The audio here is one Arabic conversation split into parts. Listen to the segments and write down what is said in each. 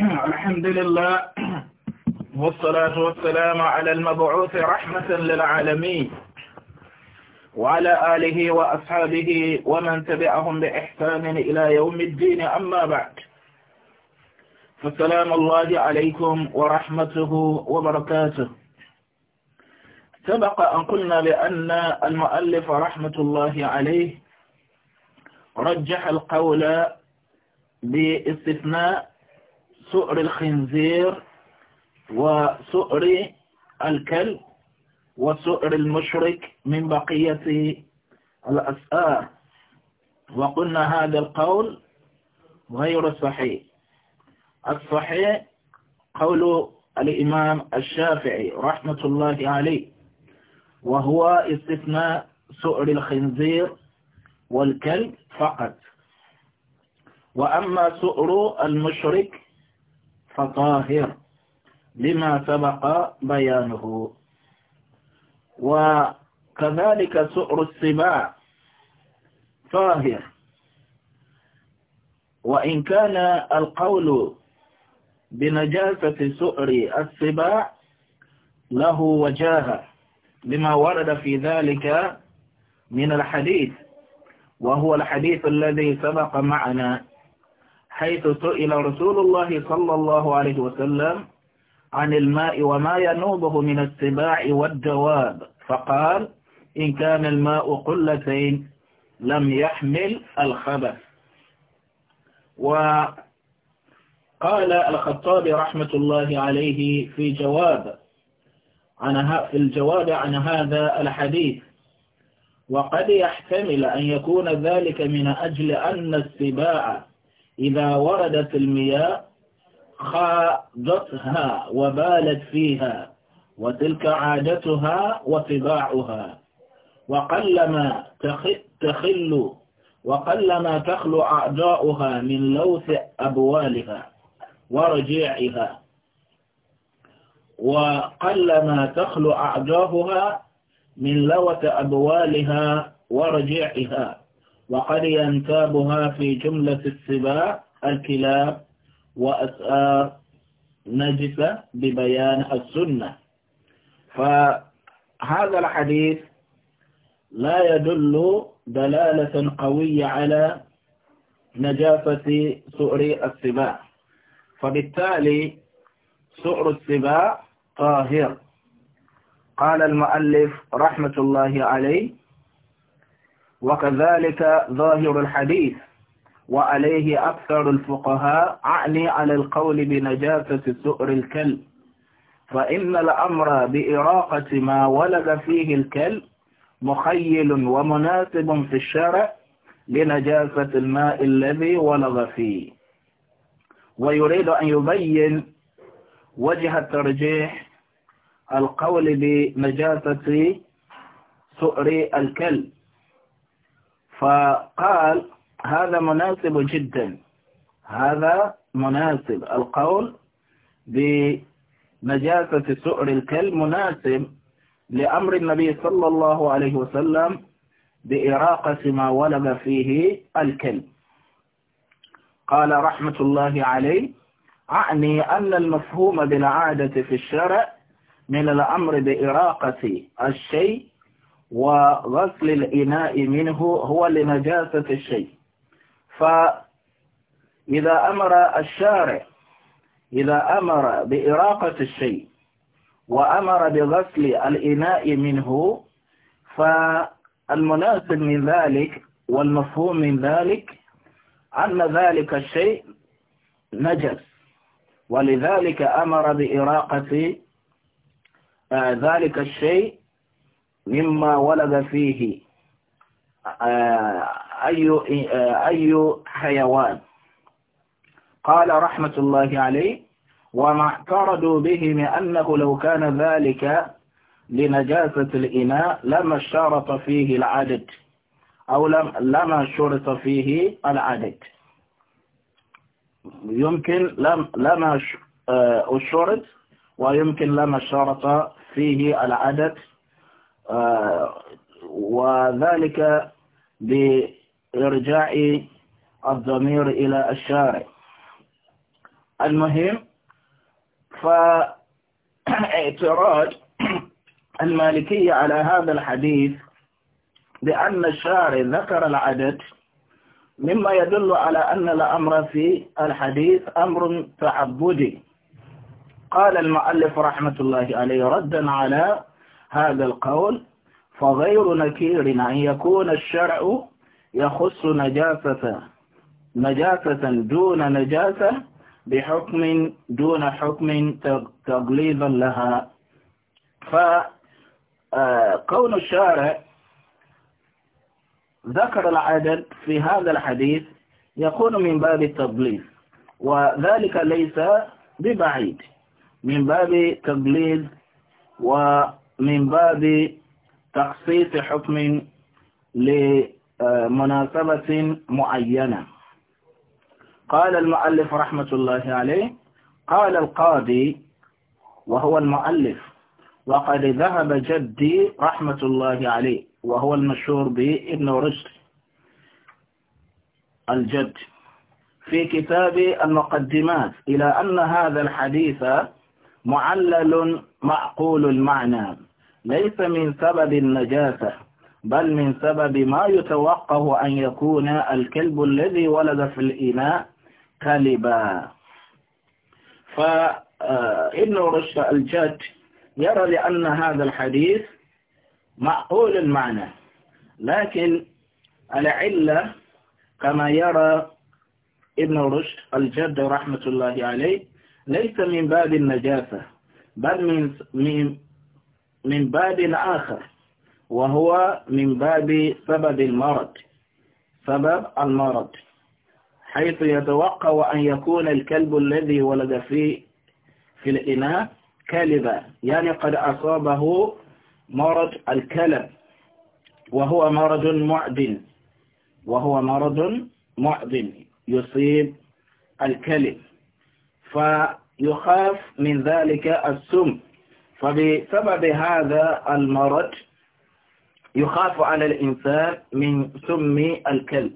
الحمد لله والصلاة والسلام على المبعوث رحمة للعالمين وعلى آله وأصحابه ومن تبعهم بإحسان إلى يوم الدين أما بعد فالسلام الله عليكم ورحمته وبركاته سبق أن قلنا بأن المؤلف رحمة الله عليه رجح القول باستثناء سؤر الخنزير وسؤر الكلب وسؤر المشرك من بقية الأسآر وقلنا هذا القول غير صحيح الصحيح قول الإمام الشافعي رحمة الله عليه وهو استثناء سؤر الخنزير والكلب فقط وأما سؤر المشرك فطاهر لما سبق بيانه وكذلك سؤر السباع طاهر وإن كان القول بنجاسة سؤر السباع له وجاهة لما ورد في ذلك من الحديث وهو الحديث الذي سبق معنا حيث سئل رسول الله صلى الله عليه وسلم عن الماء وما ينوبه من السباع والدواب فقال إن كان الماء قلتين لم يحمل الخبث وقال الخطاب رحمة الله عليه في جواب عن في الجواب عن هذا الحديث وقد يحتمل أن يكون ذلك من أجل أن السباع إذا وردت المياه خاضتها وبالت فيها وتلك عادتها وطباعها وقلما تخل وقلما تخلو أعضاؤها من لوث أبوالها ورجيعها وقلما تخلو أعضاؤها من لوث أبوالها ورجيعها وقد ينتابها في جملة السباع الكلاب وأسآر نجسة ببيان السنة فهذا الحديث لا يدل دلالة قوية على نجافة سؤر السباع فبالتالي سؤر السباع طاهر قال المؤلف رحمة الله عليه وكذلك ظاهر الحديث وعليه أكثر الفقهاء أعني على القول بنجاسة سؤر الكلب فإن الأمر بإراقة ما ولد فيه الكلب مخيل ومناسب في الشرع لنجاسة الماء الذي ولد فيه ويريد أن يبين وجه الترجيح القول بنجاسة سؤر الكلب فقال هذا مناسب جدا هذا مناسب القول بنجاسة سؤر الكلب مناسب لأمر النبي صلى الله عليه وسلم بإراقة ما ولد فيه الكلب قال رحمة الله عليه أعني أن المفهوم بالعادة في الشرع من الأمر بإراقة الشيء وغسل الإناء منه هو لنجاسة الشيء فإذا أمر الشارع إذا أمر بإراقة الشيء وأمر بغسل الإناء منه فالمناسب من ذلك والمفهوم من ذلك أن ذلك الشيء نجس ولذلك أمر بإراقة آه، ذلك الشيء مما ولد فيه آه، أي, آه، أي حيوان قال رحمة الله عليه وما اعترضوا به من أنه لو كان ذلك لنجاسة الإناء لما شرط فيه العدد أو لما شرط فيه العدد يمكن لم لما آه، شرط ويمكن لما شرط فيه العدد آه، وذلك بإرجاع الضمير إلى الشارع المهم فاعتراض المالكية على هذا الحديث بأن الشارع ذكر العدد مما يدل على أن الأمر في الحديث أمر تعبدي قال المؤلف رحمة الله عليه ردا على هذا القول فغير نكير أن يكون الشرع يخص نجاسة نجاسة دون نجاسة بحكم دون حكم تغليظا لها فكون آه، الشارع ذكر العدد في هذا الحديث يكون من باب التبليغ وذلك ليس ببعيد من باب تبليغ و من باب تخصيص حكم لمناسبة معينة قال المؤلف رحمة الله عليه قال القاضي وهو المؤلف وقد ذهب جدي رحمة الله عليه وهو المشهور بابن رشد الجد في كتاب المقدمات إلى أن هذا الحديث معلل معقول المعنى ليس من سبب النجاسة بل من سبب ما يتوقع أن يكون الكلب الذي ولد في الإناء كلبا فابن آه، رشد الجد يرى لأن هذا الحديث معقول المعنى لكن العلة كما يرى ابن رشد الجد رحمة الله عليه ليس من باب النجاسة بل من من من باب آخر وهو من باب سبب المرض سبب المرض حيث يتوقع أن يكون الكلب الذي ولد في في الإناء كلبا يعني قد أصابه مرض الكلب وهو مرض معدن وهو مرض معدن يصيب الكلب يخاف من ذلك السم فبسبب هذا المرض يخاف على الإنسان من سم الكلب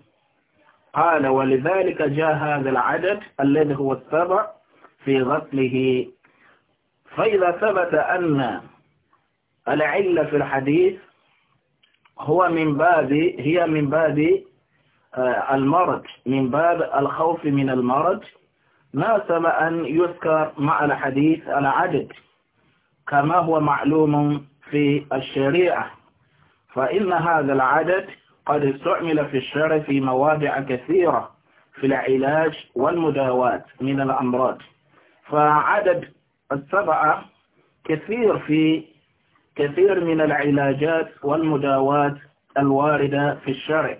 قال ولذلك جاء هذا العدد الذي هو السبع في غسله فإذا ثبت أن العلة في الحديث هو من باب هي من باب آه، المرض من باب الخوف من المرض ما سمع أن يذكر معنى حديث العدد كما هو معلوم في الشريعة فإن هذا العدد قد استعمل في الشرع في مواضع كثيرة في العلاج والمداواة من الأمراض فعدد السبعة كثير في كثير من العلاجات والمداواة الواردة في الشرع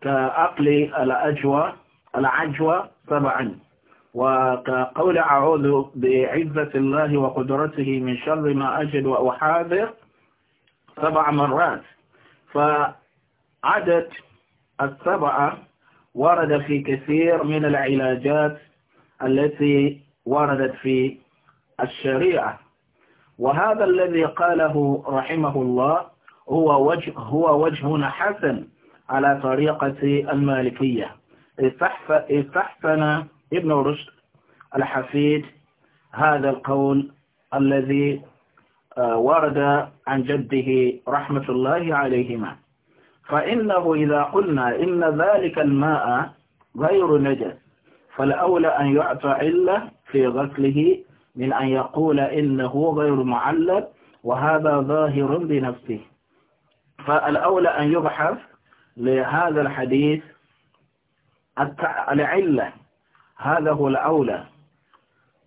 كأقل الأجوى العجوى طبعا وقول أعوذ بعزة الله وقدرته من شر ما أجد وأحاذر سبع مرات فعدد السبعة ورد في كثير من العلاجات التي وردت في الشريعة وهذا الذي قاله رحمه الله هو وجه هو وجه حسن على طريقة المالكية استحسن ابن رشد الحفيد هذا القول الذي آه، ورد عن جده رحمة الله عليهما فإنه إذا قلنا إن ذلك الماء غير نجس فالأولى أن يعطى علة في غسله من أن يقول إنه غير معلب وهذا ظاهر بنفسه فالأولى أن يبحث لهذا الحديث العلة هذا هو الأولى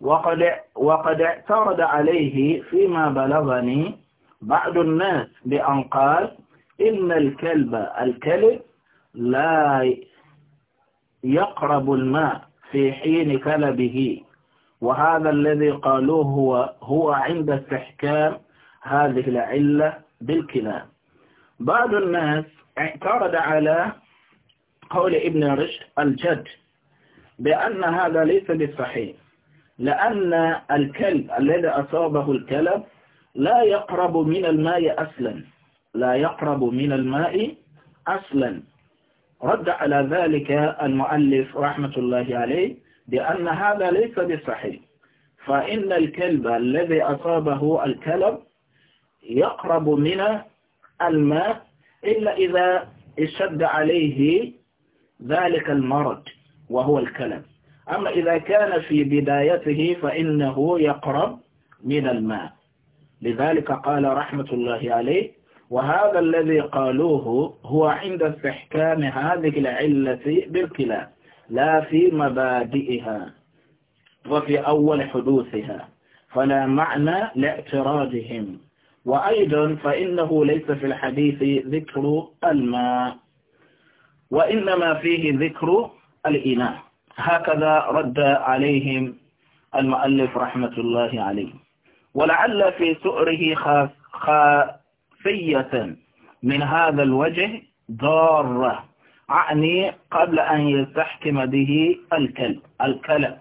وقد, وقد اعترض عليه فيما بلغني بعض الناس بأن قال إن الكلب الكلب لا يقرب الماء في حين كلبه وهذا الذي قالوه هو, هو عند استحكام هذه العلة بالكلام بعض الناس اعترض على قول ابن رشد الجد بأن هذا ليس بالصحيح لأن الكلب الذي أصابه الكلب لا يقرب من الماء أصلا لا يقرب من الماء أصلا رد على ذلك المؤلف رحمة الله عليه بأن هذا ليس بصحيح فإن الكلب الذي أصابه الكلب يقرب من الماء إلا إذا اشتد عليه ذلك المرض وهو الكلب أما إذا كان في بدايته فإنه يقرب من الماء لذلك قال رحمة الله عليه وهذا الذي قالوه هو عند استحكام هذه العلة بالكلاب لا في مبادئها وفي أول حدوثها فلا معنى لاعتراضهم وأيضا فإنه ليس في الحديث ذكر الماء وإنما فيه ذكر الإناث هكذا رد عليهم المؤلف رحمة الله عليه ولعل في سؤره خافية من هذا الوجه ضارة أعني قبل أن يستحكم به الكلب الكلب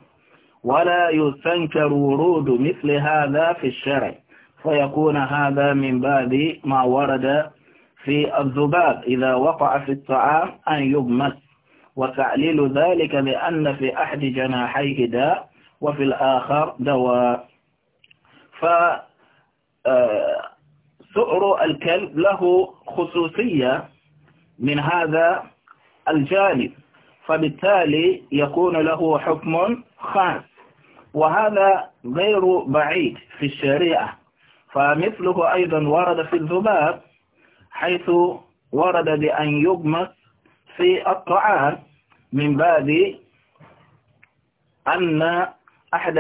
ولا يستنكر ورود مثل هذا في الشرع فيكون هذا من باب ما ورد في الذباب إذا وقع في الطعام أن يبمس وتعليل ذلك بأن في أحد جناحيه داء وفي الآخر دواء ف آه، سؤر الكلب له خصوصية من هذا الجانب فبالتالي يكون له حكم خاص وهذا غير بعيد في الشريعة فمثله أيضا ورد في الذباب حيث ورد بأن يغمس في الطعام من باب أن أحد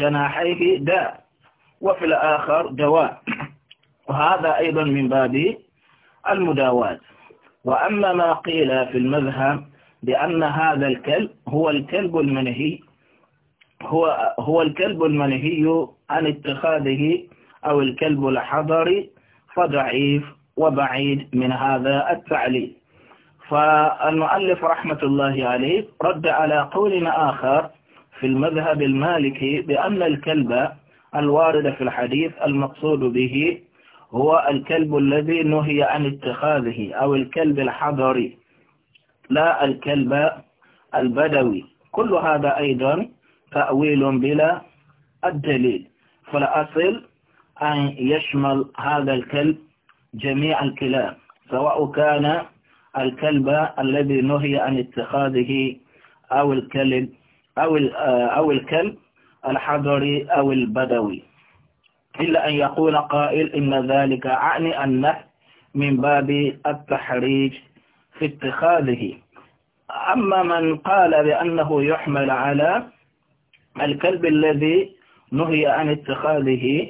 جناحيه داء وفي الآخر دواء وهذا أيضا من باب المداوات وأما ما قيل في المذهب بأن هذا الكلب هو الكلب المنهي هو, هو الكلب المنهي عن اتخاذه أو الكلب الحضري فضعيف وبعيد من هذا التعليل فالمؤلف رحمة الله عليه رد على قول آخر في المذهب المالكي بأن الكلب الوارد في الحديث المقصود به هو الكلب الذي نهي عن اتخاذه أو الكلب الحضري لا الكلب البدوي كل هذا أيضا تأويل بلا الدليل فالأصل أن يشمل هذا الكلب جميع الكلاب سواء كان الكلب الذي نهي عن اتخاذه أو الكلب أو آه، أو الكلب الحضري أو البدوي إلا أن يقول قائل إن ذلك أعني أنه من باب التحريج في اتخاذه أما من قال بأنه يحمل على الكلب الذي نهي عن اتخاذه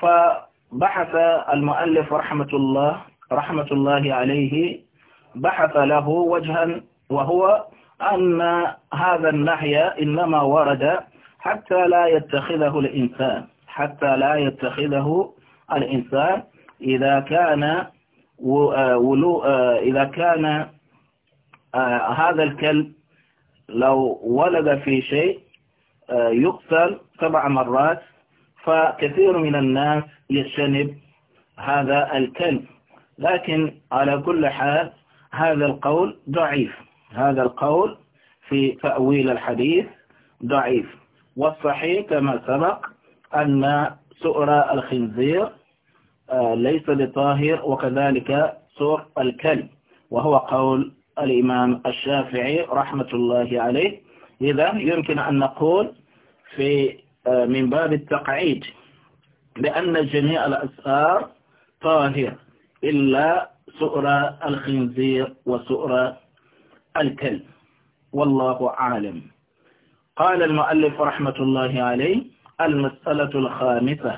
فبحث المؤلف رحمة الله رحمة الله عليه بحث له وجها وهو أن هذا النحي إنما ورد حتى لا يتخذه الإنسان حتى لا يتخذه الإنسان إذا كان آه، ولو آه، إذا كان آه، هذا الكلب لو ولد في شيء يقتل سبع مرات فكثير من الناس يجتنب هذا الكلب لكن على كل حال هذا القول ضعيف هذا القول في تأويل الحديث ضعيف والصحيح كما سبق أن سؤر الخنزير آه، ليس بطاهر وكذلك سور الكلب وهو قول الإمام الشافعي رحمة الله عليه إذا يمكن أن نقول في آه، من باب التقعيد بأن جميع الأسفار طاهر إلا سؤر الخنزير وسؤر الكلب والله أعلم قال المؤلف رحمة الله عليه المسألة الخامسة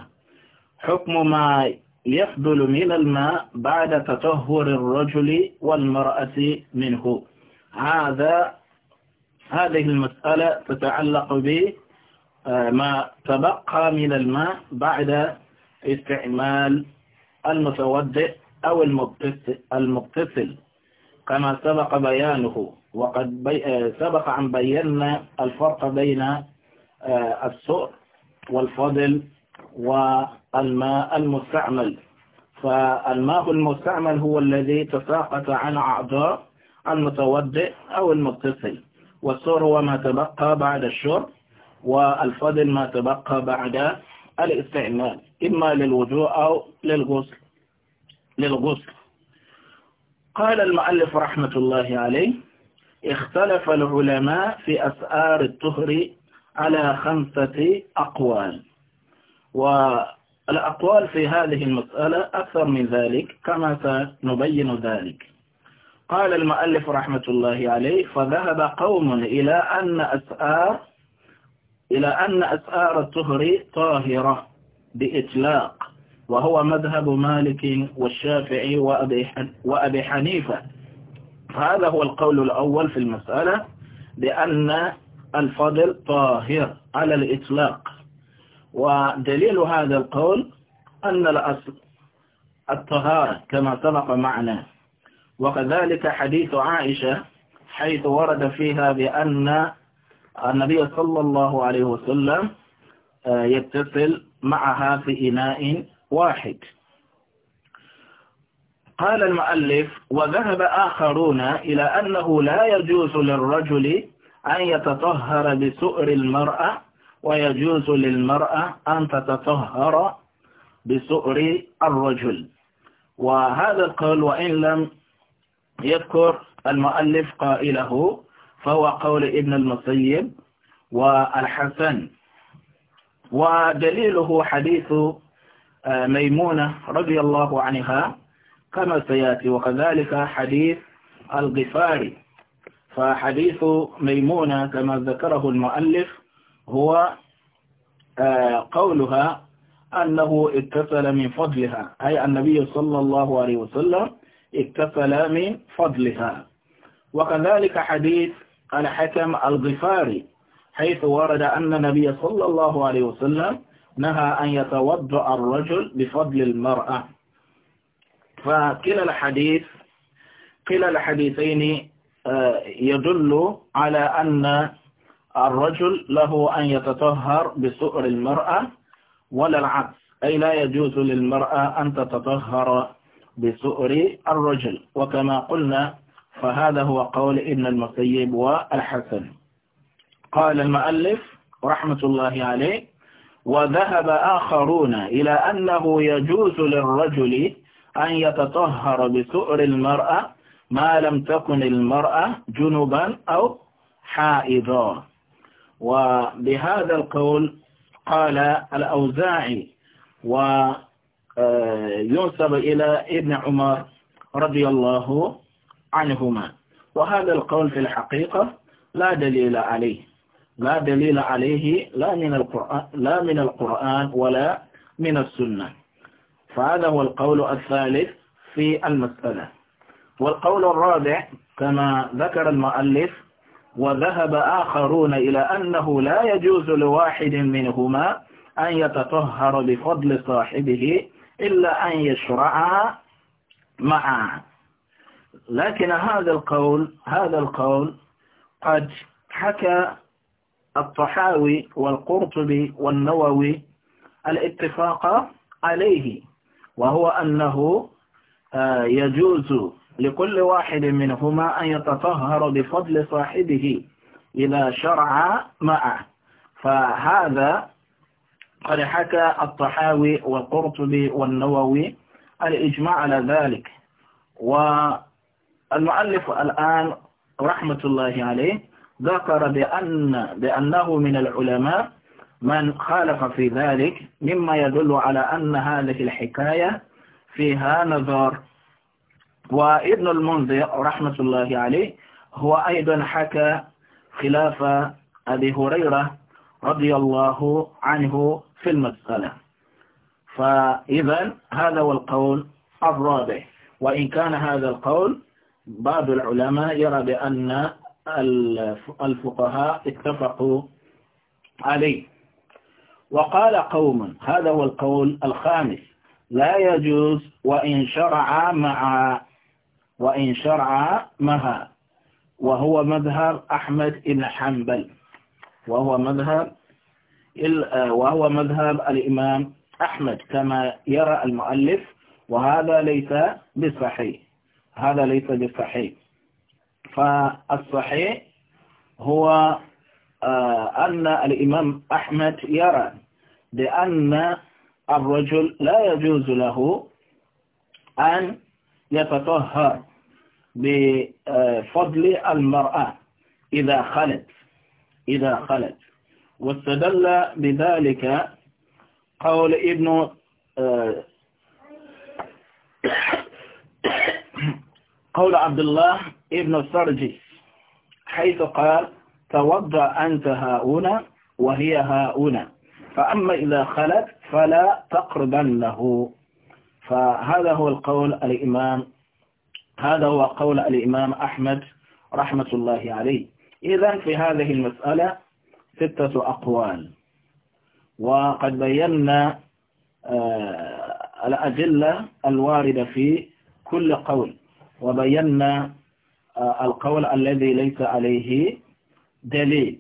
حكم ما يفضل من الماء بعد تطهر الرجل والمرأة منه هذا هذه المسألة تتعلق بما آه، تبقى من الماء بعد استعمال المتوضئ أو المتصل كما سبق بيانه وقد بي... آه، سبق أن بينا الفرق بين آه، السؤر والفضل والماء المستعمل فالماء المستعمل هو الذي تساقط عن أعضاء المتودئ أو المتصل والسؤر هو ما تبقى بعد الشرب والفضل ما تبقى بعد الاستعمال إما للوجوء أو للغسل للغسل قال المؤلف رحمة الله عليه اختلف العلماء في أسعار الطهر على خمسة أقوال والأقوال في هذه المسألة أكثر من ذلك كما سنبين ذلك قال المؤلف رحمة الله عليه فذهب قوم إلى أن أسعار إلى أن أسعار الطهر طاهرة بإطلاق وهو مذهب مالك والشافعي وأبي حنيفة هذا هو القول الأول في المسألة بأن الفضل طاهر على الإطلاق ودليل هذا القول أن الأصل الطهارة كما سبق معنا وكذلك حديث عائشة حيث ورد فيها بأن النبي صلى الله عليه وسلم آه، يتصل معها في إناء واحد قال المؤلف وذهب آخرون إلى أنه لا يجوز للرجل أن يتطهر بسؤر المرأة ويجوز للمرأة أن تتطهر بسؤر الرجل وهذا القول وإن لم يذكر المؤلف قائله فهو قول ابن المصيب والحسن ودليله حديث آه، ميمونة رضي الله عنها كما سيأتي وكذلك حديث الغفاري فحديث ميمونة كما ذكره المؤلف هو آه، قولها أنه اتصل من فضلها أي النبي صلى الله عليه وسلم اتصل من فضلها وكذلك حديث الحكم الغفاري حيث ورد أن النبي صلى الله عليه وسلم نهى أن يتوضأ الرجل بفضل المرأة فكلا الحديث كلا الحديثين آه، يدل على أن الرجل له أن يتطهر بسؤر المرأة ولا العكس أي لا يجوز للمرأة أن تتطهر بسؤر الرجل وكما قلنا فهذا هو قول ابن المسيب والحسن قال المؤلف رحمة الله عليه وذهب آخرون إلى أنه يجوز للرجل أن يتطهر بسؤر المرأة ما لم تكن المرأة جنبا أو حائضا وبهذا القول قال الأوزاعي وينسب آه، إلى ابن عمر رضي الله عنهما وهذا القول في الحقيقة لا دليل عليه لا دليل عليه لا من القرآن, لا من القرآن ولا من السنة فهذا هو القول الثالث في المسألة والقول الرابع كما ذكر المؤلف وذهب آخرون إلى أنه لا يجوز لواحد منهما أن يتطهر بفضل صاحبه إلا أن يشرع معه لكن هذا القول هذا القول قد حكى الطحاوي والقرطبي والنووي الاتفاق عليه وهو أنه آه، يجوز لكل واحد منهما أن يتطهر بفضل صاحبه إذا شرع معه فهذا قد حكى الطحاوي والقرطبي والنووي الإجماع على ذلك والمؤلف الآن رحمة الله عليه ذكر بأن بأنه من العلماء من خالف في ذلك مما يدل على أن هذه الحكاية فيها نظر وابن المنذر رحمة الله عليه هو أيضا حكى خلاف أبي هريرة رضي الله عنه في المسألة فإذا هذا هو القول الرابع وإن كان هذا القول بعض العلماء يرى بأن الفقهاء اتفقوا عليه وقال قوم هذا هو القول الخامس لا يجوز وإن شرع مع وإن شرع مها وهو مذهب أحمد بن حنبل وهو مذهب وهو مذهب الإمام أحمد كما يرى المؤلف وهذا ليس بصحيح هذا ليس بصحيح فالصحيح هو آه، أن الإمام أحمد يرى بأن الرجل لا يجوز له أن يتطهر بفضل المرأة إذا خلت إذا خلت واستدل بذلك قول ابن آه، قول عبد الله ابن السرجس حيث قال توضأ أنت هاؤنا وهي هاؤنا فأما إذا خلت فلا تقربن له فهذا هو القول الإمام هذا هو قول الإمام أحمد رحمة الله عليه إذا في هذه المسألة ستة أقوال وقد بينا آه، الأدلة الواردة في كل قول وبينا آه، القول الذي ليس عليه دليل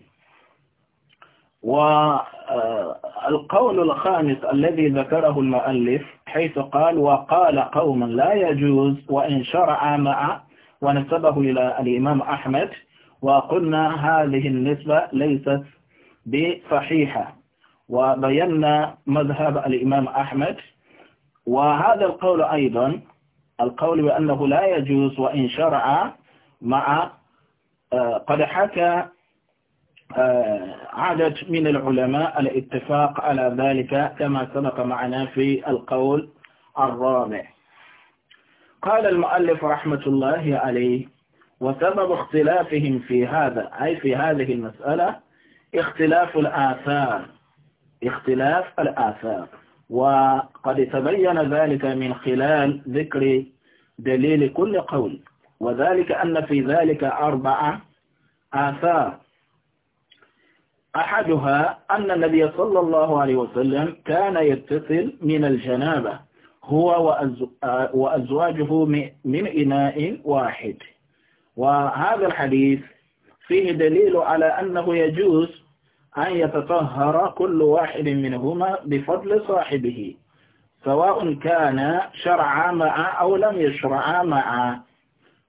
والقول آه، الخامس الذي ذكره المؤلف حيث قال وقال قوم لا يجوز وإن شرع مع ونسبه إلى الإمام أحمد وقلنا هذه النسبة ليست بصحيحة وبينا مذهب الإمام أحمد وهذا القول أيضا القول بأنه لا يجوز وإن شرع مع آه، قد حكى آه، عدد من العلماء الاتفاق على ذلك كما سبق معنا في القول الرابع قال المؤلف رحمة الله عليه وسبب اختلافهم في هذا أي في هذه المسألة اختلاف الآثار اختلاف الآثار وقد تبين ذلك من خلال ذكر دليل كل قول وذلك أن في ذلك أربعة آثار أحدها أن النبي صلى الله عليه وسلم كان يتصل من الجنابة هو آه، وأزواجه من إناء واحد وهذا الحديث فيه دليل على أنه يجوز أن يتطهر كل واحد منهما بفضل صاحبه سواء كان شرعا معا أو لم يشرعا معا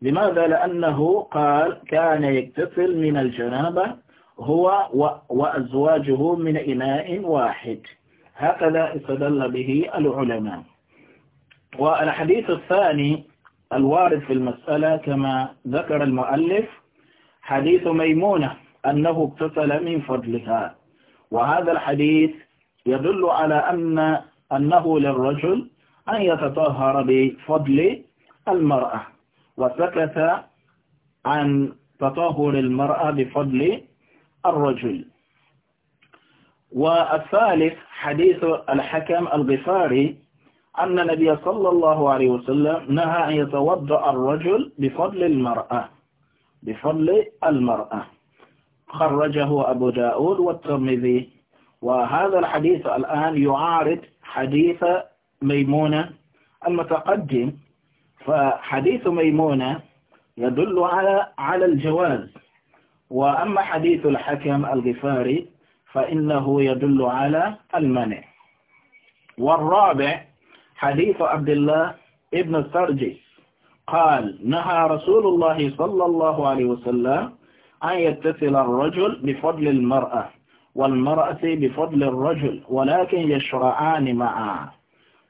لماذا؟ لأنه قال كان يكتفل من الجنابة هو وأزواجه من إناء واحد هكذا استدل به العلماء والحديث الثاني الوارد في المسألة كما ذكر المؤلف حديث ميمونة أنه اقتتل من فضلها وهذا الحديث يدل على أن أنه للرجل أن يتطهر بفضل المرأة وسكت عن تطهر المرأة بفضل الرجل والثالث حديث الحكم الغفاري أن النبي صلى الله عليه وسلم نهى أن يتوضأ الرجل بفضل المرأة بفضل المرأة خرجه أبو داود والترمذي وهذا الحديث الآن يعارض حديث ميمونة المتقدم فحديث ميمونة يدل على على الجواز وأما حديث الحكم الغفاري فإنه يدل على المنع والرابع حديث عبد الله ابن السرجس قال نهى رسول الله صلى الله عليه وسلم أن يتصل الرجل بفضل المرأة والمرأة بفضل الرجل ولكن يشرعان معا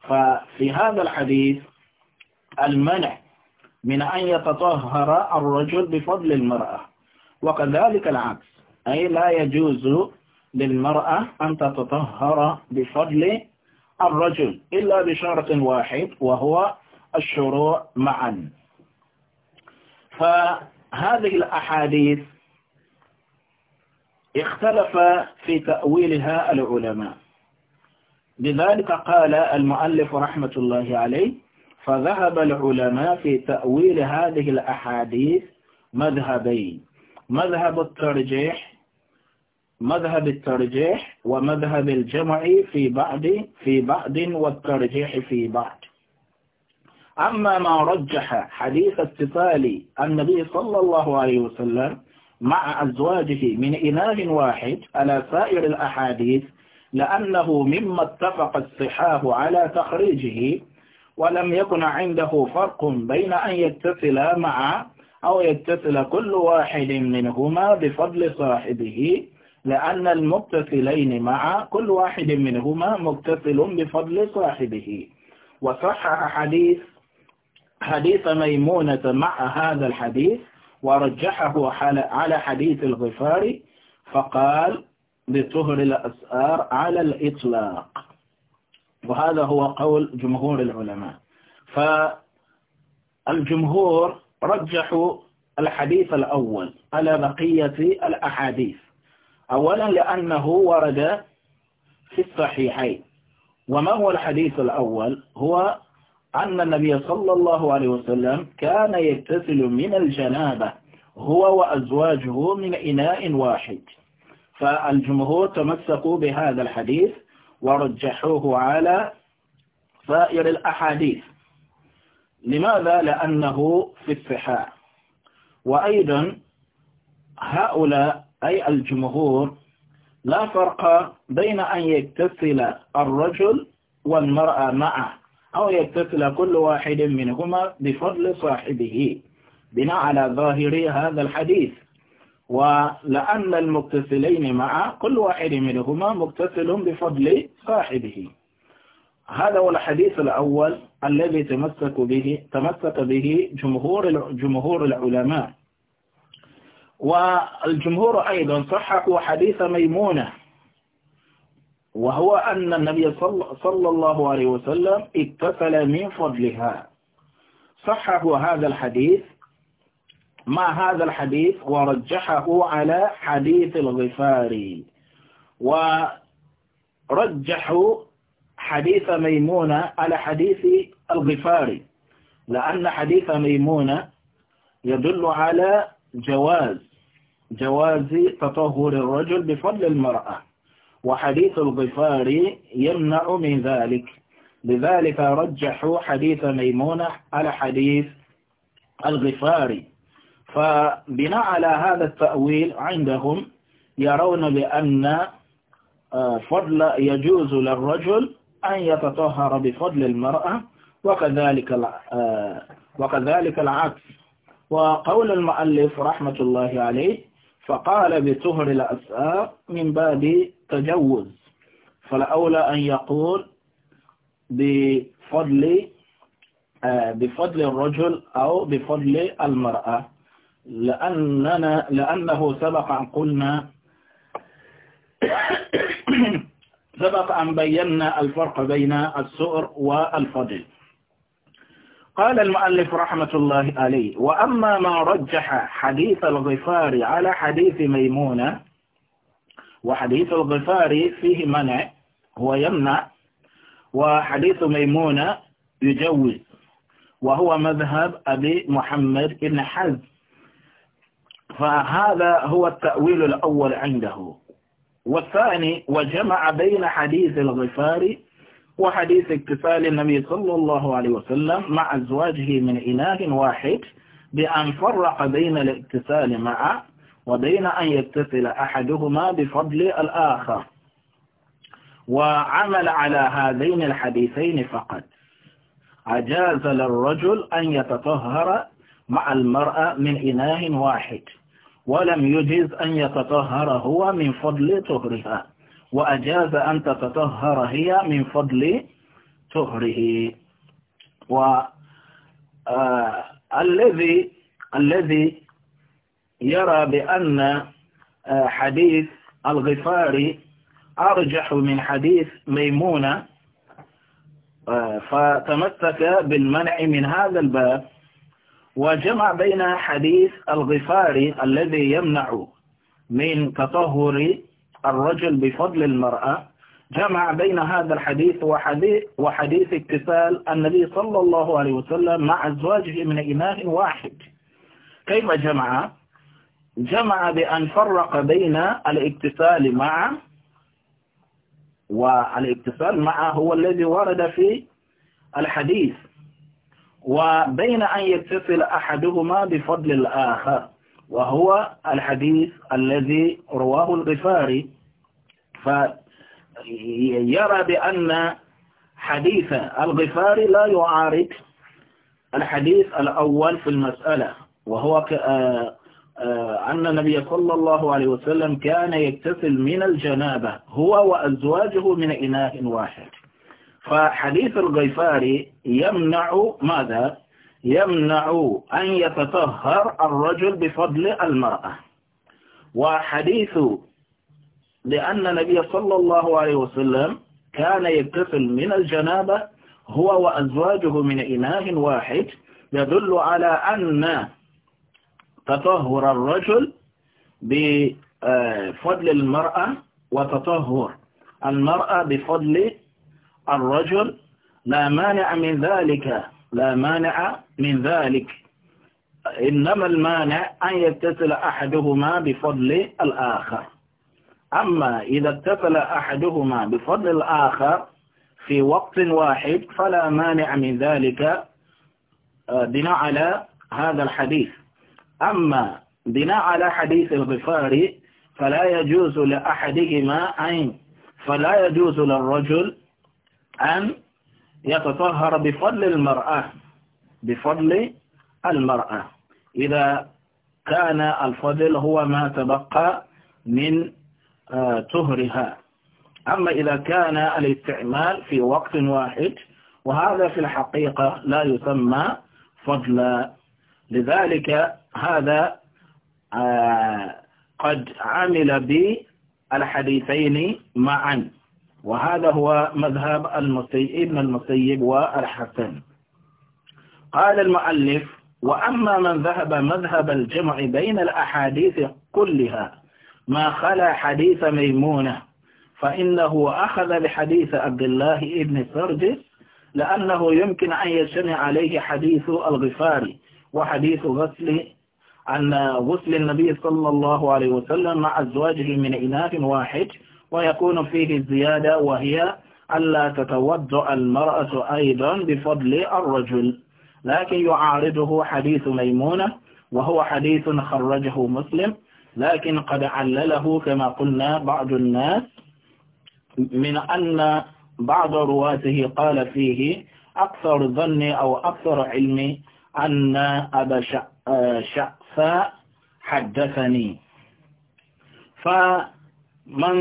ففي هذا الحديث المنع من أن يتطهر الرجل بفضل المرأة وكذلك العكس أي لا يجوز للمرأة أن تتطهر بفضل الرجل إلا بشرط واحد وهو الشروع معا فهذه الأحاديث اختلف في تأويلها العلماء لذلك قال المؤلف رحمة الله عليه فذهب العلماء في تأويل هذه الأحاديث مذهبين مذهب الترجيح مذهب الترجيح ومذهب الجمع في بعض في بعض والترجيح في بعض أما ما رجح حديث اتصال النبي صلى الله عليه وسلم مع أزواجه من إله واحد على سائر الأحاديث لأنه مما اتفق الصحاه على تخريجه ولم يكن عنده فرق بين أن يتصل مع أو يتصل كل واحد منهما بفضل صاحبه لأن المتصلين مع كل واحد منهما متصل بفضل صاحبه وصح حديث حديث ميمونة مع هذا الحديث ورجحه على حديث الغفاري فقال بطهر الأسآر على الإطلاق وهذا هو قول جمهور العلماء فالجمهور رجحوا الحديث الأول على بقية الأحاديث أولا لأنه ورد في الصحيحين وما هو الحديث الأول هو أن النبي صلى الله عليه وسلم كان يتسل من الجنابة هو وأزواجه من إناء واحد فالجمهور تمسكوا بهذا الحديث ورجحوه على سائر الأحاديث لماذا؟ لأنه في الصحاء وأيضا هؤلاء أي الجمهور لا فرق بين أن يتسل الرجل والمرأة معه أو يتصل كل واحد منهما بفضل صاحبه بناء على ظاهر هذا الحديث ولأن المتصلين مع كل واحد منهما متصل بفضل صاحبه هذا هو الحديث الأول الذي تمسك به تمسك به جمهور جمهور العلماء والجمهور أيضا صححوا حديث ميمونة وهو أن النبي صلى الله عليه وسلم اتصل من فضلها صحه هذا الحديث مع هذا الحديث ورجحه على حديث الغفاري ورجحوا حديث ميمونة على حديث الغفاري لأن حديث ميمونة يدل على جواز جواز تطهر الرجل بفضل المرأة وحديث الغفار يمنع من ذلك لذلك رجحوا حديث ميمونة على حديث الغفاري فبناء على هذا التأويل عندهم يرون بأن آه، فضل يجوز للرجل أن يتطهر بفضل المرأة وكذلك آه، وكذلك العكس وقول المؤلف رحمة الله عليه فقال بطهر الأساء من باب التجوز فالأولى أن يقول بفضل آه، بفضل الرجل أو بفضل المرأة لأننا لأنه سبق أن قلنا سبق أن بينا الفرق بين السؤر والفضل قال المؤلف رحمة الله عليه وأما ما رجح حديث الغفار على حديث ميمونة وحديث الغفاري فيه منع هو يمنع وحديث ميمونة يجوز وهو مذهب أبي محمد بن حزم فهذا هو التأويل الأول عنده والثاني وجمع بين حديث الغفاري وحديث اكتفال النبي صلى الله عليه وسلم مع أزواجه من إله واحد بأن فرق بين الاكتفال مع وبين أن يتصل أحدهما بفضل الآخر وعمل على هذين الحديثين فقط أجاز للرجل أن يتطهر مع المرأة من إناء واحد ولم يجز أن يتطهر هو من فضل طهرها وأجاز أن تتطهر هي من فضل طهره و آه، الذي الذي يرى بأن آه، حديث الغفاري أرجح من حديث ميمونة آه، فتمسك بالمنع من هذا الباب وجمع بين حديث الغفاري الذي يمنع من تطهر الرجل بفضل المرأة جمع بين هذا الحديث وحديث, وحديث اتصال النبي صلى الله عليه وسلم مع أزواجه من إناء واحد كيف جمع؟ جمع بأن فرق بين الاتصال مع والاتصال مع هو الذي ورد في الحديث وبين أن يتصل أحدهما بفضل الآخر وهو الحديث الذي رواه الغفاري فيرى بأن حديث الغفاري لا يعارض الحديث الأول في المسألة وهو آه، آه، أن النبي صلى الله عليه وسلم كان يكتسل من الجنابة هو وأزواجه من إناء واحد فحديث الغيفاري يمنع ماذا؟ يمنع أن يتطهر الرجل بفضل المرأة وحديث لأن النبي صلى الله عليه وسلم كان يكتسل من الجنابة هو وأزواجه من إناء واحد يدل على أن تطهر الرجل بفضل المرأة وتطهر المرأة بفضل الرجل لا مانع من ذلك لا مانع من ذلك إنما المانع أن يتصل أحدهما بفضل الآخر أما إذا اتصل أحدهما بفضل الآخر في وقت واحد فلا مانع من ذلك آه، بناء على هذا الحديث أما بناء على حديث الغفاري فلا يجوز لأحدهما أن فلا يجوز للرجل أن يتطهر بفضل المرأة بفضل المرأة إذا كان الفضل هو ما تبقى من آه، طهرها أما إذا كان الاستعمال في وقت واحد وهذا في الحقيقة لا يسمى فضلا لذلك هذا آه، قد عمل بالحديثين معا وهذا هو مذهب ابن المسيب والحسن قال المؤلف وأما من ذهب مذهب الجمع بين الأحاديث كلها ما خلا حديث ميمونة فإنه أخذ بحديث عبد الله ابن سرجس لأنه يمكن أن يجتمع عليه حديث الغفاري وحديث غسل عن غسل النبي صلى الله عليه وسلم مع أزواجه من إناث واحد ويكون فيه الزيادة وهي ألا تتوضأ المرأة أيضا بفضل الرجل لكن يعارضه حديث ميمونة وهو حديث خرجه مسلم لكن قد علله كما قلنا بعض الناس من أن بعض رواته قال فيه أكثر ظني أو أكثر علمي أن أبا شأ آه، فحدثني فمن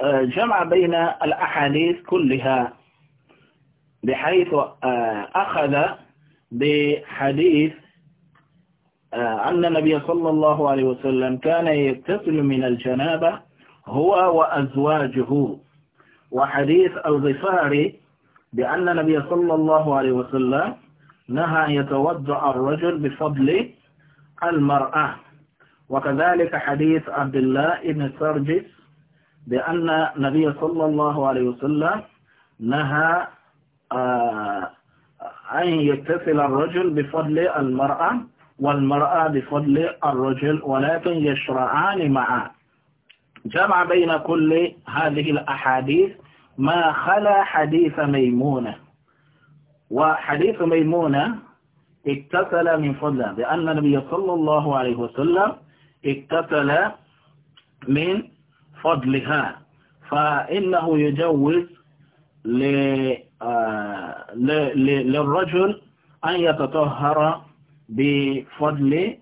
آه، جمع بين الأحاديث كلها بحيث آه، أخذ بحديث آه، أن النبي صلى الله عليه وسلم كان يتصل من الجنابة هو وأزواجه وحديث الغفاري بأن النبي صلى الله عليه وسلم نهى أن يتوضأ الرجل بفضل المرأة وكذلك حديث عبد الله بن سرجس بأن النبي صلى الله عليه وسلم نهى آه، أن يتصل الرجل بفضل المرأة والمرأة بفضل الرجل ولكن يشرعان معا جمع بين كل هذه الأحاديث ما خلا حديث ميمونة وحديث ميمونة اكتسل من فضله بأن النبي صلى الله عليه وسلم اكتسل من فضلها فإنه يجوز آه، للرجل أن يتطهر بفضل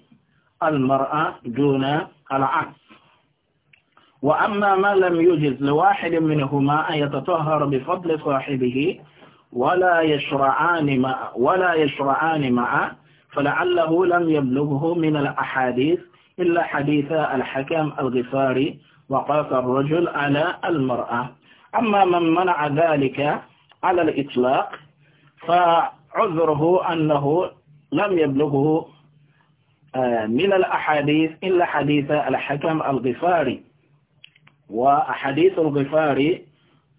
المرأة دون العكس وأما ما لم يجز لواحد منهما أن يتطهر بفضل صاحبه ولا يشرعان مع ولا يشرعان مع فلعله لم يبلغه من الأحاديث إلا حديث الحكم الغفاري وقاس الرجل على المرأة أما من منع ذلك على الإطلاق فعذره أنه لم يبلغه آه، من الأحاديث إلا حديث الحكم الغفاري وأحاديث الغفاري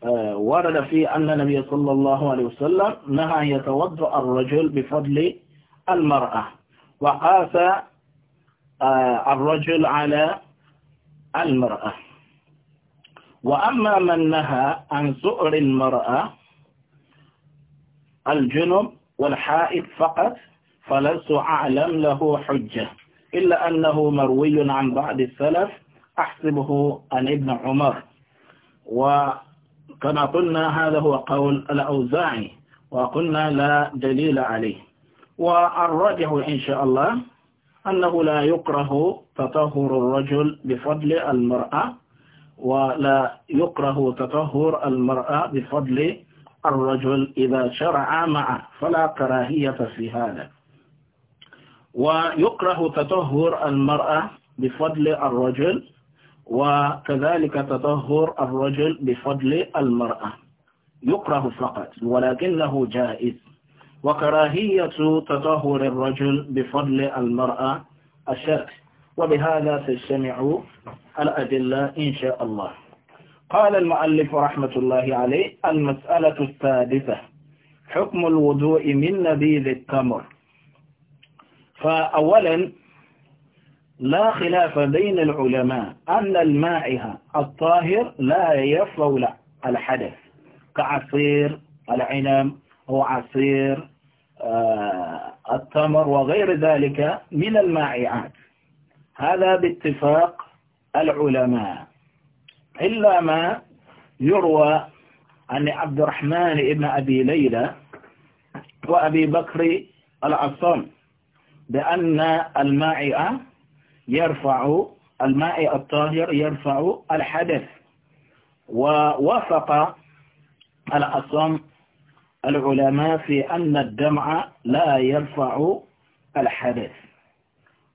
آه، ورد في أن النبي صلى الله عليه وسلم نهى أن يتوضأ الرجل بفضل المرأة وقاس آه، الرجل على المرأة وأما من نهى عن سؤر المرأة الجنب والحائط فقط فلست أعلم له حجة إلا أنه مروي عن بعض السلف أحسبه عن ابن عمر و كما قلنا هذا هو قول الأوزاعي وقلنا لا دليل عليه والراجح إن شاء الله أنه لا يكره تطهر الرجل بفضل المرأة ولا يكره تطهر المرأة بفضل الرجل إذا شرع معه فلا كراهية في هذا ويكره تطهر المرأة بفضل الرجل وكذلك تطهر الرجل بفضل المرأة يكره فقط ولكن له جائز وكراهية تطهر الرجل بفضل المرأة الشرك وبهذا تجتمع الأدلة إن شاء الله قال المؤلف رحمة الله عليه المسألة السادسة حكم الوضوء من نبيذ التمر فأولا لا خلاف بين العلماء أن المائها الطاهر لا يفضل له الحدث كعصير العنب أو عصير آه التمر وغير ذلك من المائعات هذا باتفاق العلماء إلا ما يروى عن عبد الرحمن بن أبي ليلى وأبي بكر العصام بأن المائعة يرفع الماء الطاهر يرفع الحدث ووافق الأصم العلماء في أن الدمع لا يرفع الحدث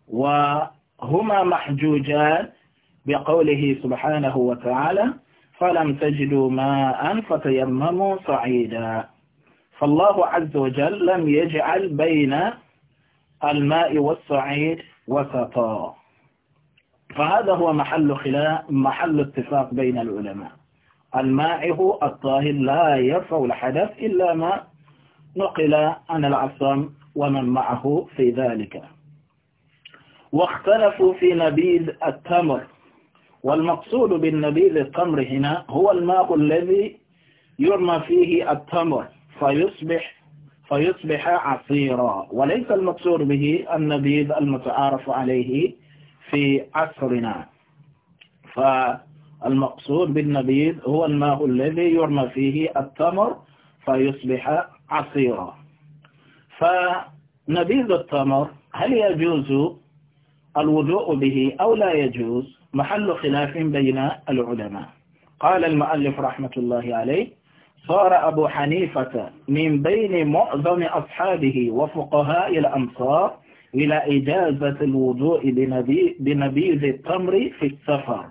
وهما محجوجان بقوله سبحانه وتعالى فلم تجدوا ماء فتيمموا صعيدا فالله عز وجل لم يجعل بين الماء والصعيد وسطا فهذا هو محل خلاف محل اتفاق بين العلماء هو الطاهر لا يرفع الحدث إلا ما نقل عن العصام ومن معه في ذلك واختلفوا في نبيذ التمر والمقصود بالنبيذ التمر هنا هو الماء الذي يرمى فيه التمر فيصبح فيصبح عصيرا وليس المقصود به النبيذ المتعارف عليه في عصرنا فالمقصود بالنبيذ هو الماء الذي يرمى فيه التمر فيصبح عصيرا فنبيذ التمر هل يجوز الوضوء به أو لا يجوز محل خلاف بين العلماء قال المؤلف رحمة الله عليه صار أبو حنيفة من بين معظم أصحابه وفقهاء الأمصار إلى إجازة الوضوء بنبيذ التمر في السفر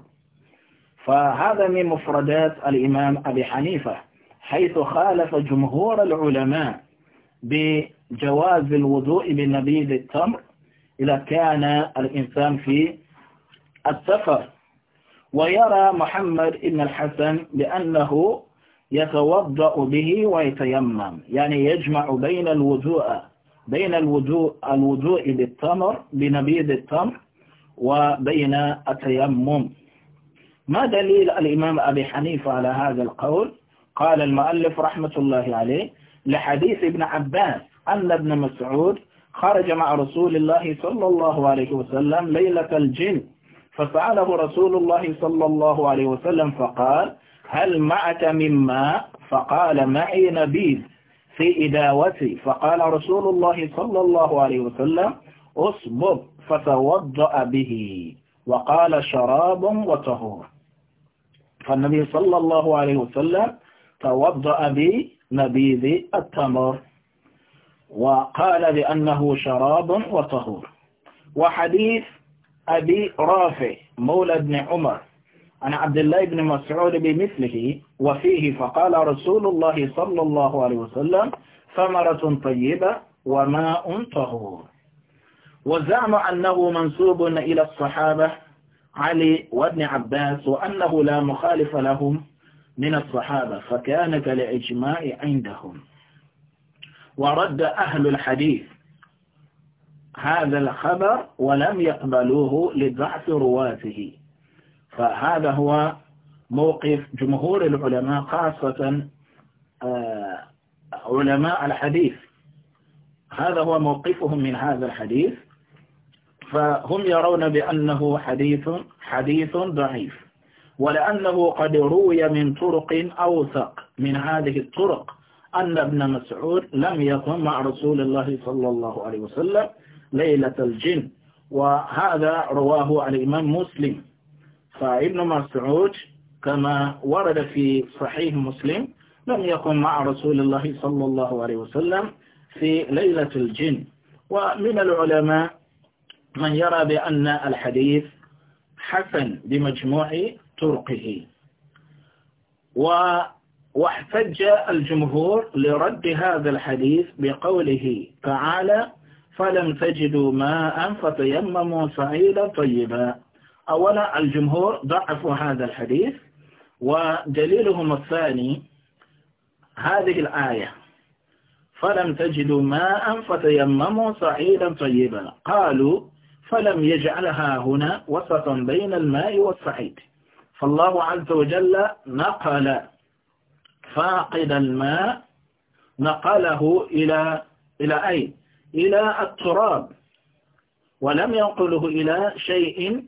فهذا من مفردات الإمام أبي حنيفة حيث خالف جمهور العلماء بجواز الوضوء بنبيذ التمر إذا كان الإنسان في السفر ويرى محمد بن الحسن بأنه يتوضأ به ويتيمم يعني يجمع بين الوضوء بين الوجوء, الوجوء بالتمر بنبيذ التمر وبين التيمم ما دليل الإمام أبي حنيفة على هذا القول قال المؤلف رحمة الله عليه لحديث ابن عباس أن ابن مسعود خرج مع رسول الله صلى الله عليه وسلم ليلة الجن فسأله رسول الله صلى الله عليه وسلم فقال هل معك من ماء فقال معي نبيذ في إداوتي فقال رسول الله صلى الله عليه وسلم أصبر فتوضأ به وقال شراب وطهور فالنبي صلى الله عليه وسلم توضأ بنبيذ التمر وقال بأنه شراب وطهور وحديث أبي رافع مولى ابن عمر عن عبد الله بن مسعود بمثله وفيه فقال رسول الله صلى الله عليه وسلم ثمرة طيبة وماء طهور وزعم أنه منسوب إلى الصحابة علي وابن عباس وأنه لا مخالف لهم من الصحابة فكان كالإجماع عندهم ورد أهل الحديث هذا الخبر ولم يقبلوه لضعف رواته فهذا هو موقف جمهور العلماء خاصة آه، علماء الحديث هذا هو موقفهم من هذا الحديث فهم يرون بأنه حديث حديث ضعيف ولأنه قد روي من طرق أوثق من هذه الطرق أن ابن مسعود لم يكن مع رسول الله صلى الله عليه وسلم ليلة الجن وهذا رواه الإمام مسلم فابن مسعود كما ورد في صحيح مسلم لم يكن مع رسول الله صلى الله عليه وسلم في ليلة الجن ومن العلماء من يرى بأن الحديث حسن بمجموع طرقه و واحتج الجمهور لرد هذا الحديث بقوله تعالى فلم تجدوا ماء فتيمموا سعيدا طيبا أولا الجمهور ضعفوا هذا الحديث ودليلهم الثاني هذه الآية فلم تجدوا ماء فتيمموا صعيدا طيبا قالوا فلم يجعلها هنا وسطا بين الماء والصعيد فالله عز وجل نقل فاقد الماء نقله إلى إلى أين؟ إلى التراب ولم ينقله إلى شيء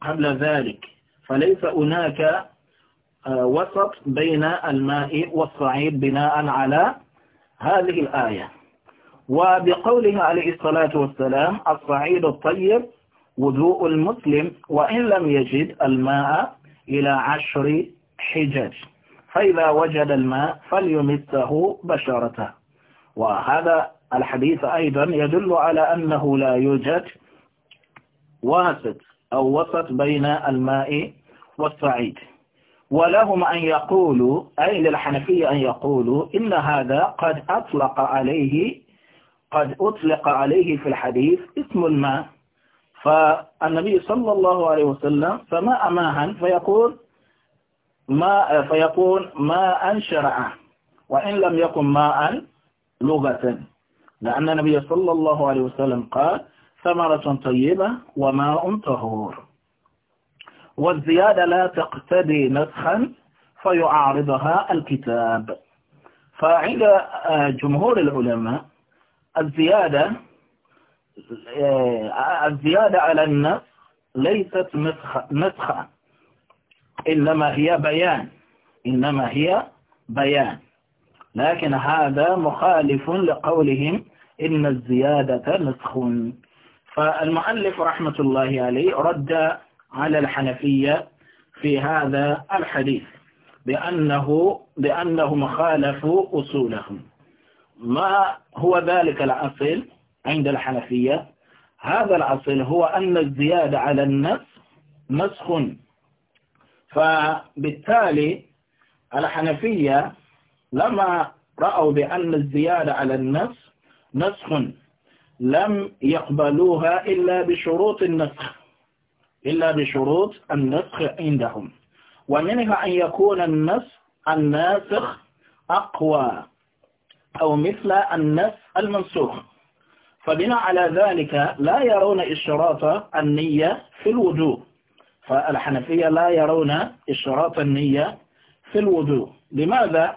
قبل ذلك فليس هناك آه، وسط بين الماء والصعيد بناء على هذه الآية وبقولها عليه الصلاة والسلام الصعيد الطيب وضوء المسلم وإن لم يجد الماء إلى عشر حجج فإذا وجد الماء فليمسه بشرته وهذا الحديث أيضا يدل على أنه لا يوجد واسط أو وسط بين الماء والصعيد ولهم أن يقولوا أي للحنفية أن يقولوا إن هذا قد أطلق عليه قد أطلق عليه في الحديث اسم الماء فالنبي صلى الله عليه وسلم فما أماها فيقول ما فيقول ماء أنشرع وإن لم يكن ماء لغة لأن النبي صلى الله عليه وسلم قال ثمرة طيبة وماء طهور والزيادة لا تقتدي نسخا فيعارضها الكتاب فعند آه، جمهور العلماء الزيادة آه، الزيادة على النص ليست نسخة إنما هي بيان إنما هي بيان لكن هذا مخالف لقولهم إن الزيادة نسخ فالمؤلف رحمة الله عليه رد على الحنفية في هذا الحديث بأنه بأنهم خالفوا أصولهم ما هو ذلك الأصل عند الحنفية هذا الأصل هو أن الزيادة على النفس مسخ فبالتالي الحنفية لما رأوا بأن الزيادة على النفس نسخ لم يقبلوها إلا بشروط النسخ إلا بشروط النسخ عندهم ومنها أن يكون النسخ الناسخ أقوى أو مثل النسخ المنسوخ فبناء على ذلك لا يرون إشراط النية في الوجوه فالحنفية لا يرون إشراط النية في الوجوه لماذا؟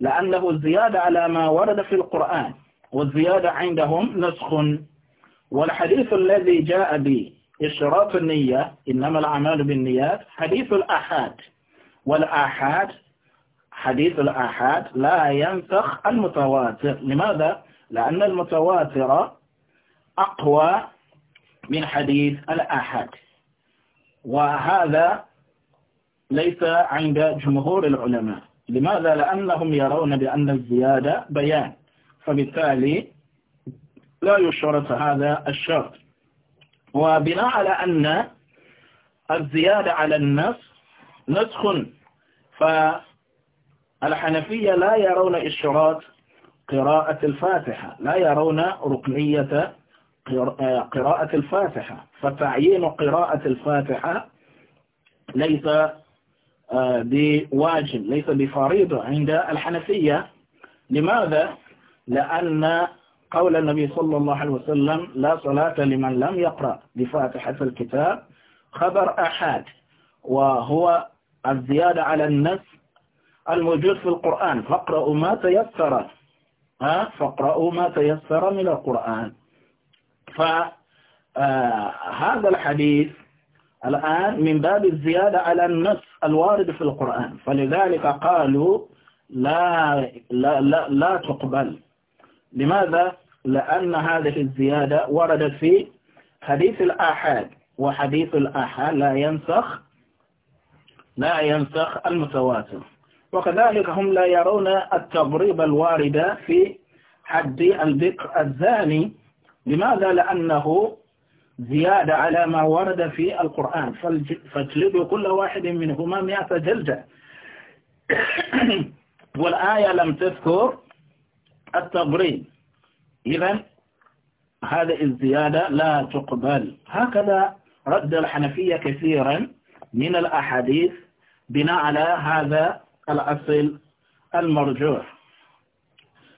لأنه الزيادة على ما ورد في القرآن والزيادة عندهم نسخ والحديث الذي جاء به بإشراف النية إنما الأعمال بالنيات حديث الأحاد والأحاد حديث الأحاد لا ينسخ المتواتر لماذا؟ لأن المتواتر أقوى من حديث الأحاد وهذا ليس عند جمهور العلماء لماذا؟ لأنهم يرون بأن الزيادة بيان فبالتالي لا يشرط هذا الشرط وبناء على أن الزيادة على النص نسخ فالحنفية لا يرون إشراط قراءة الفاتحة لا يرون ركنية قراءة الفاتحة فتعيين قراءة الفاتحة ليس آه، بواجب ليس بفريضة عند الحنفية لماذا؟ لأن قول النبي صلى الله عليه وسلم لا صلاة لمن لم يقرأ بفاتحة الكتاب خبر أحد وهو الزيادة على النس الموجود في القرآن فاقرأوا ما تيسر ها فاقرأوا ما تيسر من القرآن فهذا آه، الحديث الآن من باب الزيادة على النص الوارد في القرآن فلذلك قالوا لا, لا, لا, لا تقبل لماذا؟ لأن هذه الزيادة وردت في حديث الآحاد وحديث الآحاد لا ينسخ لا ينسخ المتواتر وكذلك هم لا يرون التضريب الواردة في حد البكر الزاني لماذا؟ لأنه زيادة على ما ورد في القرآن فاجلب كل واحد منهما مئة جلدة والآية لم تذكر التبريد إذا هذه الزيادة لا تقبل هكذا رد الحنفية كثيرا من الأحاديث بناء على هذا الأصل المرجوح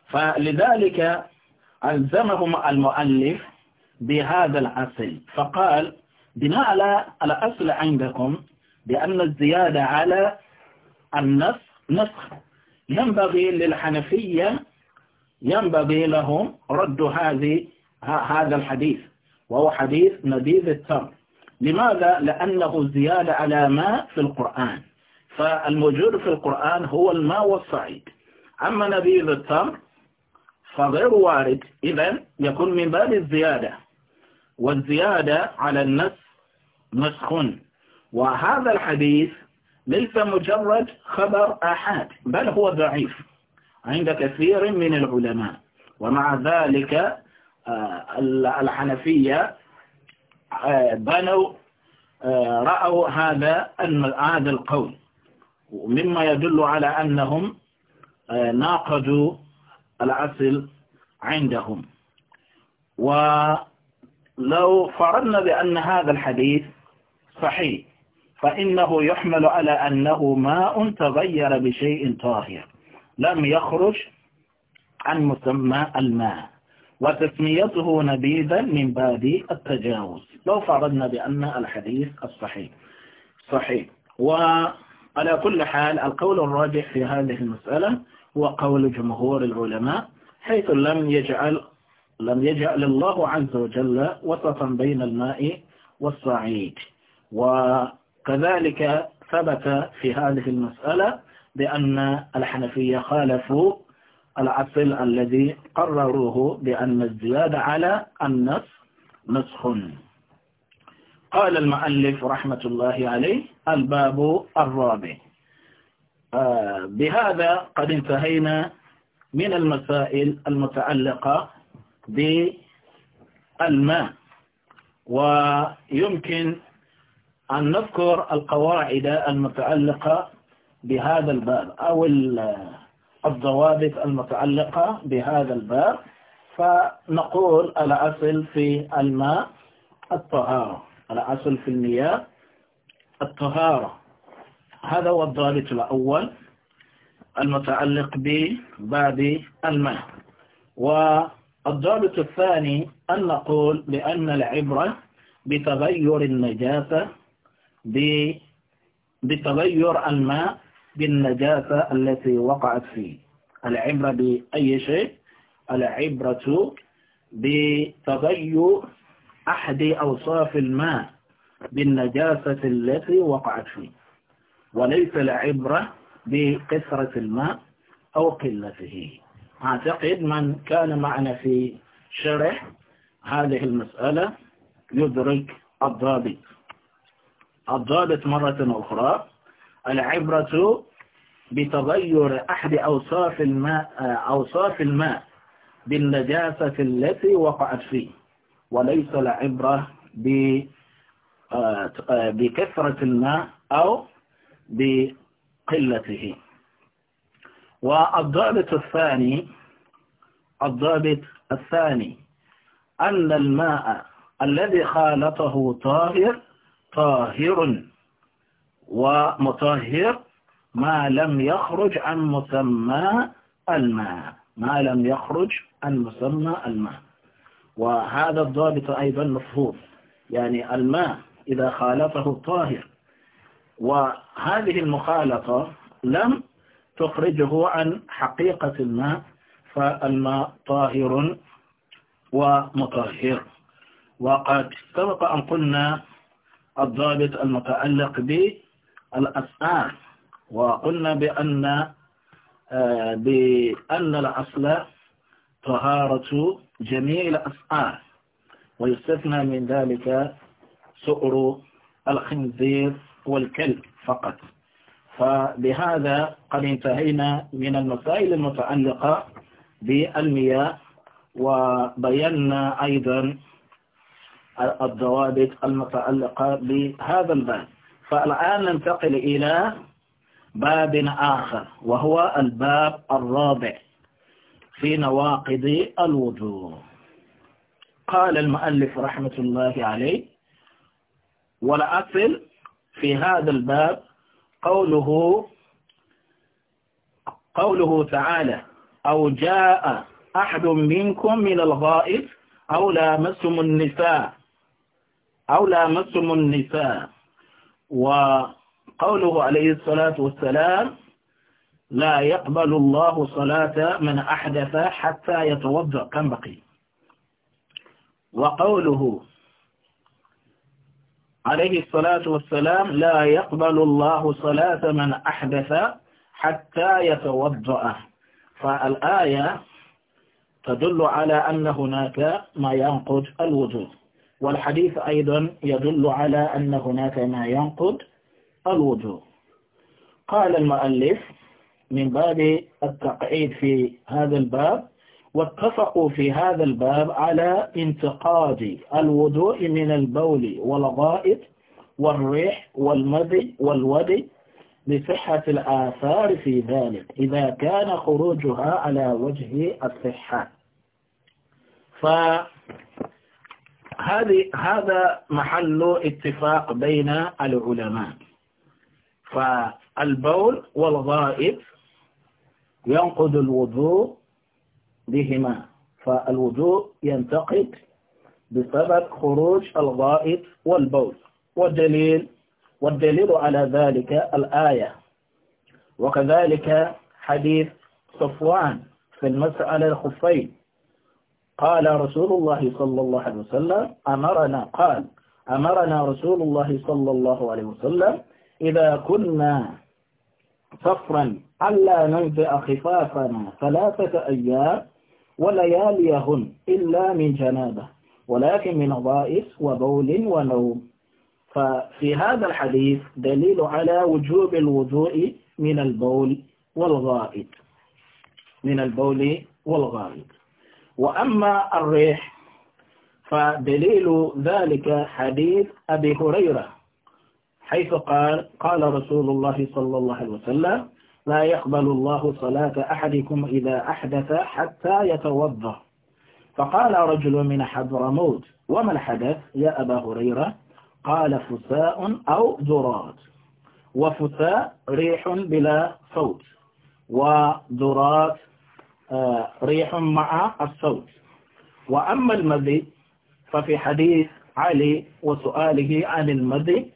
فلذلك ألزمهم المؤلف بهذا الأصل فقال بناء على الأصل عندكم بأن الزيادة على النص نسخ ينبغي للحنفية ينبغي لهم رد هذه هذا الحديث وهو حديث نبيذ التمر لماذا؟ لأنه زيادة على ما في القرآن فالموجود في القرآن هو الماء والصعيد أما نبيذ التمر فغير وارد إذا يكون من باب الزيادة والزيادة على النفس نسخ وهذا الحديث ليس مجرد خبر أحد بل هو ضعيف عند كثير من العلماء ومع ذلك آه، الحنفية آه، بنوا آه، رأوا هذا هذا القول مما يدل على أنهم ناقضوا الأصل عندهم ولو فرضنا بأن هذا الحديث صحيح فإنه يحمل على أنه ماء تغير بشيء طاهر لم يخرج عن مسمى الماء وتسميته نبيذا من باب التجاوز لو فرضنا بأن الحديث الصحيح صحيح وعلى كل حال القول الراجح في هذه المسألة هو قول جمهور العلماء حيث لم يجعل لم يجعل الله عز وجل وسطا بين الماء والصعيد وكذلك ثبت في هذه المسألة بأن الحنفية خالفوا العصل الذي قرروه بأن الزيادة على النص نسخ قال المؤلف رحمة الله عليه الباب الرابع آه بهذا قد انتهينا من المسائل المتعلقة بالماء ويمكن أن نذكر القواعد المتعلقة بهذا الباب أو الضوابط المتعلقة بهذا الباب فنقول الأصل في الماء الطهارة الأصل في المياه الطهارة هذا هو الضابط الأول المتعلق بباب الماء والضابط الثاني أن نقول بأن العبرة بتغير النجاسة بتغير الماء بالنجاسة التي وقعت فيه العبرة بأي شيء العبرة بتغير أحد أوصاف الماء بالنجاسة التي وقعت فيه وليس العبرة بكثرة الماء أو قلته أعتقد من كان معنا في شرح هذه المسألة يدرك الضابط الضابط مرة أخرى العبرة بتغير أحد أوصاف الماء, أوصاف الماء بالنجاسة التي وقعت فيه وليس العبرة آه، بكثرة الماء أو بقلته والضابط الثاني الضابط الثاني أن الماء الذي خالطه طاهر طاهر ومطهر ما لم يخرج عن مسمى الماء ما لم يخرج عن مسمى الماء وهذا الضابط أيضا مفهوم يعني الماء إذا خالطه الطاهر وهذه المخالطة لم تخرجه عن حقيقة الماء فالماء طاهر ومطهر وقد سبق أن قلنا الضابط المتعلق بالأسعار وقلنا بأن آه، بأن الأصل طهارة جميع الأسعار ويستثنى من ذلك سؤر الخنزير والكلب فقط فبهذا قد انتهينا من المسائل المتعلقة بالمياه وبينا أيضا الضوابط المتعلقة بهذا الباب فالآن ننتقل إلى باب آخر وهو الباب الرابع في نواقض الوضوء قال المؤلف رحمة الله عليه والأصل في هذا الباب قوله قوله تعالى أو جاء أحد منكم من الغائب أو لامسهم النساء أو لامسهم النساء و قوله عليه الصلاة والسلام لا يقبل الله صلاة من أحدث حتى يتوضأ كم بقي وقوله عليه الصلاة والسلام لا يقبل الله صلاة من أحدث حتى يتوضأ فالآية تدل على أن هناك ما ينقض الوجود والحديث أيضا يدل على أن هناك ما ينقض الوجوه قال المؤلف من باب التقعيد في هذا الباب واتفقوا في هذا الباب على انتقاد الوضوء من البول والغائط والريح والمذي والودي لصحة الآثار في ذلك إذا كان خروجها على وجه الصحة فهذا هذا محل اتفاق بين العلماء فالبول والغائب ينقض الوضوء بهما فالوضوء ينتقد بسبب خروج الغائب والبول والدليل والدليل على ذلك الآية وكذلك حديث صفوان في المسألة الخفين قال رسول الله صلى الله عليه وسلم أمرنا قال أمرنا رسول الله صلى الله عليه وسلم إذا كنا صفرا ألا ننزع خفافنا ثلاثة أيام ولياليهن إلا من جنابة ولكن من ضائف وبول ونوم ففي هذا الحديث دليل على وجوب الوضوء من البول والغائط من البول والغائط وأما الريح فدليل ذلك حديث أبي هريرة حيث قال قال رسول الله صلى الله عليه وسلم لا يقبل الله صلاة أحدكم إذا أحدث حتى يتوضأ فقال رجل من حضرموت وما الحدث يا أبا هريرة قال فساء أو ذرات وفساء ريح بلا صوت وذرات آه، ريح مع الصوت وأما المذي ففي حديث علي وسؤاله عن المذي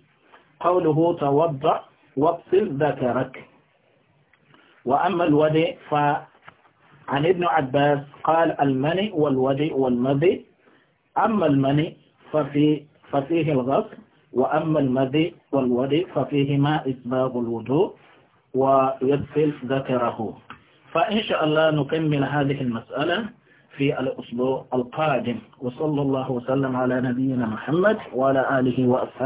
قوله توضع وابصر ذكرك وأما الودع فعن ابن عباس قال المني والودع والمذي أما المني ففي ففيه الغسل وأما المذي والودع ففيهما إسباغ الوضوء ويبصر ذكره فإن شاء الله نكمل هذه المسألة في الأسبوع القادم وصلى الله وسلم على نبينا محمد وعلى آله وأصحابه